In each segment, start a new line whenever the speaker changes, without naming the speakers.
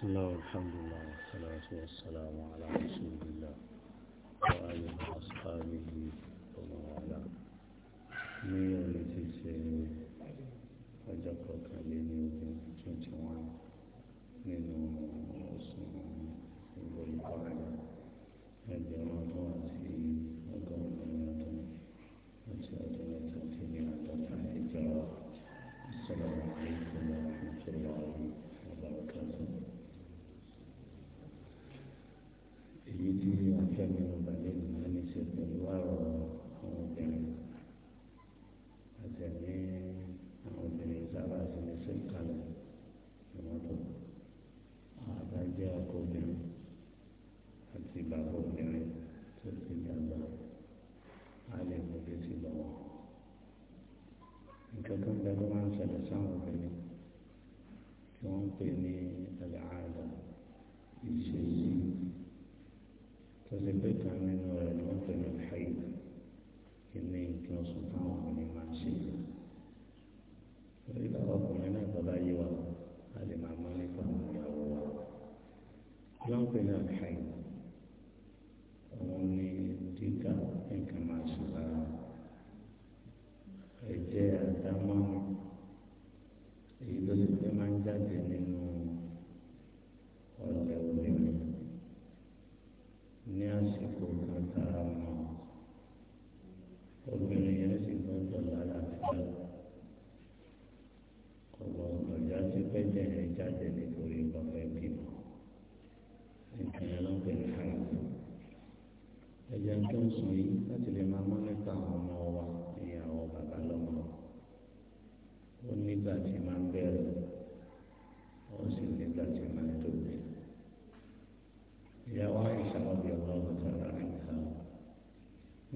بسم الله والحمد لله والصلاة والسلام على رسول الله وعلى وأصحابه ومن والاه من يوم تسعين وجبرك لنيوم bẹ tó máa ń ṣẹlẹ̀ sáwọn obìnrin tí wọ́n ń pè ní ẹ̀lẹ́ àádọ́ ìṣèṣì tó ṣe pé kan nínú rẹ̀ ni wọ́n pè ní ẹ̀lẹ́ àìdá nǹkan oṣù táwọn obìnrin máa ń ṣe lọ. jáde nínú ọ̀rọ̀ obìnrin ní àsìkò kàtàrà mọ́ obìnrin yẹn sì gbọ́dọ̀ lálàáfíà kò gbọ́dọ̀ já sí pẹ́jẹ́ yẹn jáde nítorí ìgbọ̀fẹ́ bímọ nìkan yẹn ló ń pè ní àrùn ẹ̀jẹ̀ tó ń sùn yìí láti lè.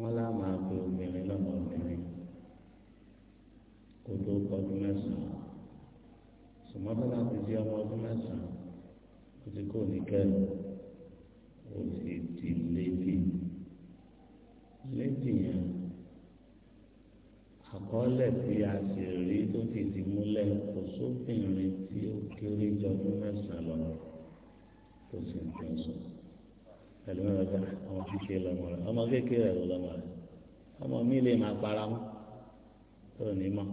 wọn lá máa pe obìnrin lọ́mọ obìnrin kó tó kọdún mẹ́sàn-án sọmọtò láti di ọmọ ọdún mẹ́sàn-án ó ti kó ní kẹlẹ ó sì ti létí létí yẹn àkọọ́lẹ̀ tí a sì rí tó ti di múlẹ̀ kò sóbìnrin tí ó kéré jọ ọdún mẹ́sàn-án lọ tó sì ń tẹ̀sán pẹ̀lú ìrọ̀lẹ́ ọmọ kékeré lọ́mọ rẹ̀ ọmọ kékeré rẹ̀ lọ́mọ rẹ̀ ọmọ mi lè máa para mọ́ tó ní mọ́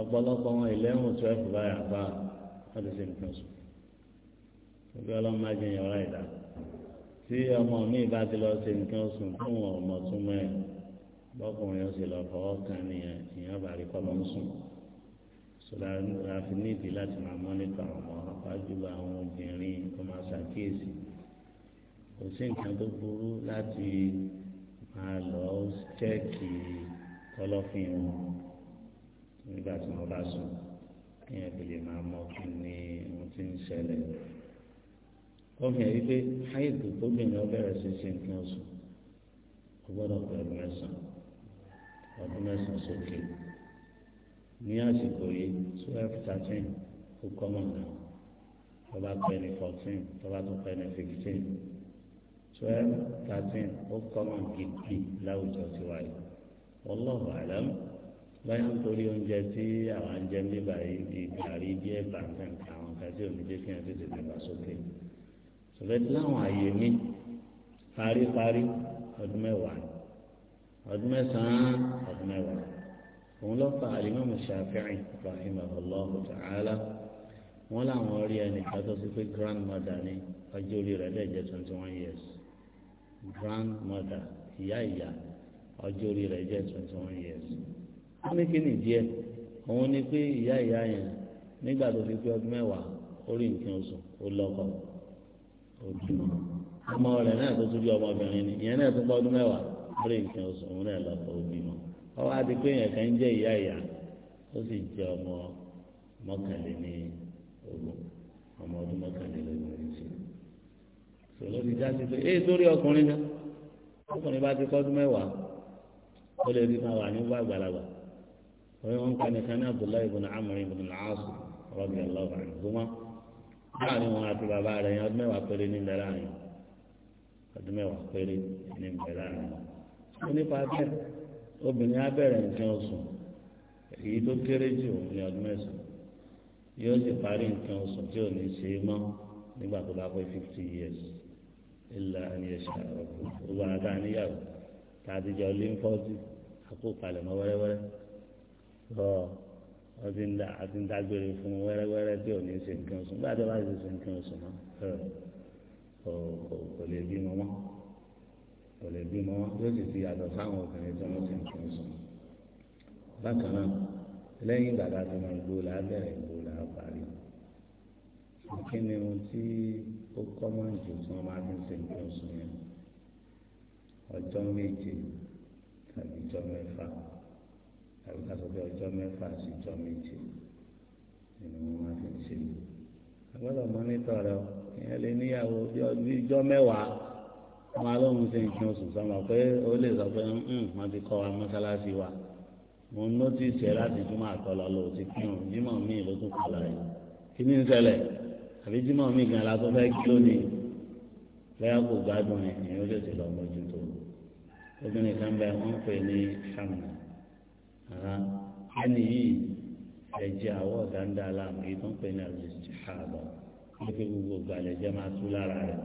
ọ̀pọ̀lọpọ̀ wọn eleven twelve báyà bá wọ́n ti ṣe nǹkan sùn gbogbo ọlọ́run má jẹ́ ìyọ̀rá ìdá tí ọmọ mi bá ti lọ ṣe nǹkan sùn fún ọmọ tún mọ́ ẹ̀ bọ́kùnrin ó sì lọ fọwọ́ kan nìyẹn ìyẹn bá rí kọ́ ń sùn sọlá fi nídìí láti máa mọ́ nípa àwọn ọmọ apájúbọ àwọn obìnrin sí nǹkan tó burú láti máa lọ chẹ́ẹ̀kì kọ̀lọ̀fín wọn nígbà tí wọ́n bá sùn kéèyàn fi lè máa mọ kí ni wọ́n ti ń ṣẹlẹ̀. wọ́n fi hàn wípé áyètò tóbìnrin ọbẹ̀rẹ̀ sí ṣe nǹkan oṣù kò gbọ́dọ̀ pé ọdún mẹ́sàn-án ọdún mẹ́sàn-án sókè ní àsìkò yìí twelve thirteen ó kọ́ mọ̀ náà tọ́ba pẹ́ ní fourteen tọ́ba tó pẹ́ ní fifteen twelve thirteen ó kọ́mọ̀ gidi láwùjọ ti wáyé wallahu alam báyìí nítorí oúnjẹ tí àwọn ajẹ́ ń bíbà yìí di gàrí bí ẹ̀bà nǹkan àwọn kan tí òní jẹ́ kí wọ́n tètè dàgbà sókè ṣùgbọ́n láwọn àyè mi paríparí ọdún mẹ́wàá ọdún mẹ́sàn-án ọdún mẹ́wàá òun lọ́pàá alimami Shafi'i rahimahullahu ta'ala wọ́n láwọn rí ẹnìkan tó ti pé grandmother ìyá ìyá ọjọ́ orí rẹ̀ jẹ́ twenty one years wọ́n ní kí nìdí ẹ̀ òun ni pé ìyá ìyá yẹn nígbà tó fi pé ọdún mẹ́wàá ó rí nǹkan oṣù ó ọmọ rẹ̀ náà tó tún bí ọmọbìnrin ni ìyẹn náà tún ọdún mẹ́wàá ó rí nǹkan oṣù òun náà pé yẹn ọmọ i. sọlọ ti já sí pé ee torí ọkùnrin náà ọkùnrin bá ti kọ́dún mẹ́wàá ó lè rí máa wà ní wá àgbàlagbà wọ́n wọn kàn nìkan ní abdullahi ibùn amr ibùn al-aṣu rọ́bì aláwọ̀ àdúgbò láàrin wọn àti bàbá rẹ̀ yẹn ọdún mẹ́wàá péré ní ìlera rẹ̀ ọdún mẹ́wàá péré ní ìlera rẹ̀
ó nípa bẹ́ẹ̀
obìnrin á bẹ̀rẹ̀ nǹkan oṣù èyí tó kéré jù ní ọdún mẹ́sàn-án yóò sì parí nǹkan oṣù tí ò ní ṣe é mọ́ nígbà tó bá pé fifty years ilà ni ẹ̀ṣà ọ̀pọ̀ gbogbo àwọn tá a níyàwó tá a ti jọ lé ń fọ́jú àpò palẹ̀mọ́ wẹ́rẹ́wẹ́rẹ́ lọ wọ́n ti ń dágbére fún un wẹ́rẹ́wẹ́rẹ́ tí ò ní ṣe nǹkan oṣù nígbà tí wọ́n bá ti ṣe nǹkan oṣù mọ́ kò lè bímọ mọ́ kò lè bímọ mọ́ yóò sì ti yàtọ̀ sáwọn obìnrin tí wọ́n ṣe nǹkan oṣù bákan náà lẹ́yìn ìgbà tá a gbó làá bẹ̀rẹ̀ gbó làá parí ó kọ́ máa ń jù tí máa fi ń ṣe nǹkan oṣù yẹn ọjọ́ méje tàbí ọjọ́ mẹ́fà tàbí ká sọ ọjọ́ mẹ́fà sí ọjọ́ méje nínú wọn máa fi ń ṣe mí. agbọ́dọ̀ mọ nítorí ìyẹn lè níyàwó bí ọjọ́ mẹ́wàá wọn alóhùn ṣe nǹkan oṣù sọmọ pé ó lè sọ pé wọn ti kọ́ wa mọ́sálásí wa mo nọ́tìsì ẹ láti túmọ̀ àtọ́lọ́ lọ́wọ́ ti kírun jímọ̀ míì ló tún kọ́ láyé kí ni ń ṣẹlẹ̀. àbí jímọ̀ mi gan la tó fẹ́ kí ní bẹ́ẹ̀ kò gbádùn ẹ̀ ẹ̀yìn ó lè ti lọ mójútó obìnrin kan bẹ wọ́n pè ní hamna ẹni yìí ẹ̀jẹ̀ àwọ̀ dáńdá láàmú yìí tó ń pè ní àbùsùhàbà kí gbogbo ìgbàlẹ̀ jẹ́ máa tú lára rẹ̀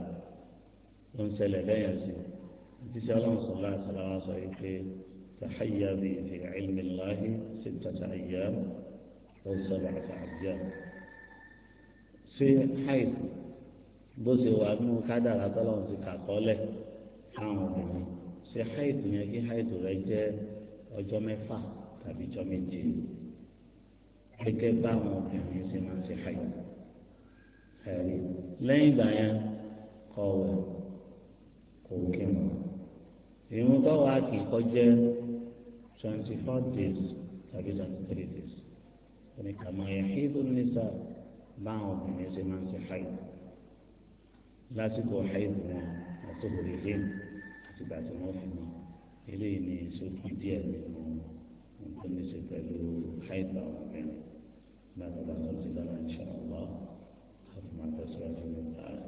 ó ń ṣẹlẹ̀ lẹ́yìn sí títí ọlọ́sùn láti sọ̀rọ̀ wá sọ yìí wípé tàhíyà bíi fi ilmi láhi sí tàtàyà ó sọ̀rọ̀ àtàyà. sí haid bó ṣe wà nínú kádàrá tọ́lọ́run ti kàkọ́lẹ̀ fáwọn obìnrin sí haid yẹn kí haid rẹ jẹ́ ọjọ́ mẹ́fà tàbí ọjọ́ méje gẹ́gẹ́ báwọn obìnrin ṣe máa ń ṣe haid ẹ̀rí lẹ́yìn ìgbà yẹn kọ̀ wẹ̀ kò kí mọ́ ìrún tó wà kì í kọjá twenty four days tàbí twenty three days oníkàmọ́ yẹn kí ló ní sáà báwọn obìnrin ṣe máa ń ṣe haid lásìkò haid wọn àtòkò ilé àtìgbà tí wọn fi mọ eléyìí ní sókè díẹ̀ nínú nǹkan ní ṣe pẹ̀lú haid àwọn obìnrin gbàgbọ́ bá tó ti dára ìṣàlọ́ àfihàn tẹ̀síwájú nípa rẹ̀.